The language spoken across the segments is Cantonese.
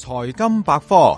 財金百科，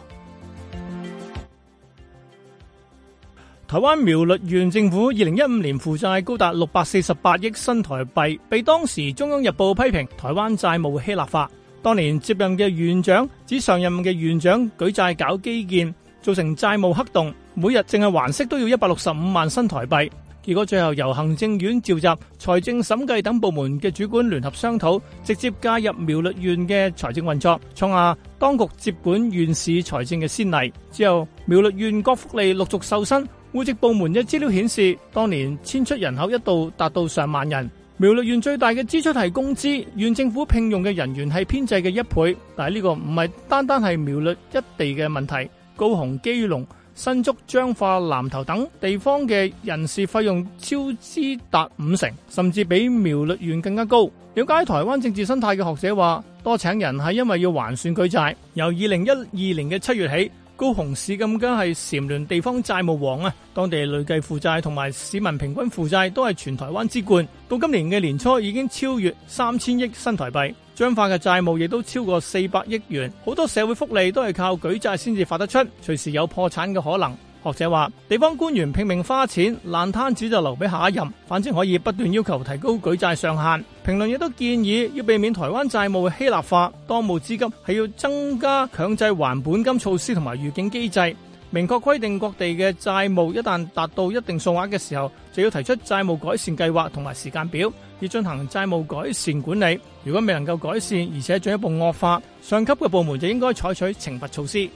台灣苗栗縣政府二零一五年負債高達六百四十八億新台幣，被當時《中央日報》批評台灣債務希臘化。當年接任嘅縣長，指上任嘅縣長舉債搞基建，造成債務黑洞，每日淨係還息都要一百六十五萬新台幣。結果最後由行政院召集財政、審計等部門嘅主管聯合商討，直接介入苗栗縣嘅財政運作，創下當局接管縣市財政嘅先例。之後，苗栗縣各福利陸續瘦身。戶籍部門嘅資料顯示，當年遷出人口一度達到上萬人。苗栗縣最大嘅支出係工資，縣政府聘用嘅人員係編制嘅一倍。但係呢個唔係單單係苗栗一地嘅問題，高雄、基隆、新竹、彰化、南投等地方嘅人事費用超支達五成，甚至比苗栗縣更加高。了解台灣政治生態嘅學者話，多請人係因為要還選舉債，由二零一二年嘅七月起。高雄市咁梗係蟬聯地方債務王啊！當地累計負債同埋市民平均負債都係全台灣之冠。到今年嘅年初已經超越三千億新台幣，彰化嘅債務亦都超過四百億元。好多社會福利都係靠舉債先至發得出，隨時有破產嘅可能。學者話：地方官員拼命花錢，爛攤子就留俾下一任，反正可以不斷要求提高舉債上限。評論亦都建議要避免台灣債務嘅希臘化。當務之急係要增加強制還本金措施同埋預警機制，明確規定各地嘅債務一旦達到一定數額嘅時候，就要提出債務改善計劃同埋時間表，要進行債務改善管理。如果未能夠改善，而且進一步惡化，上級嘅部門就應該採取懲罰措施。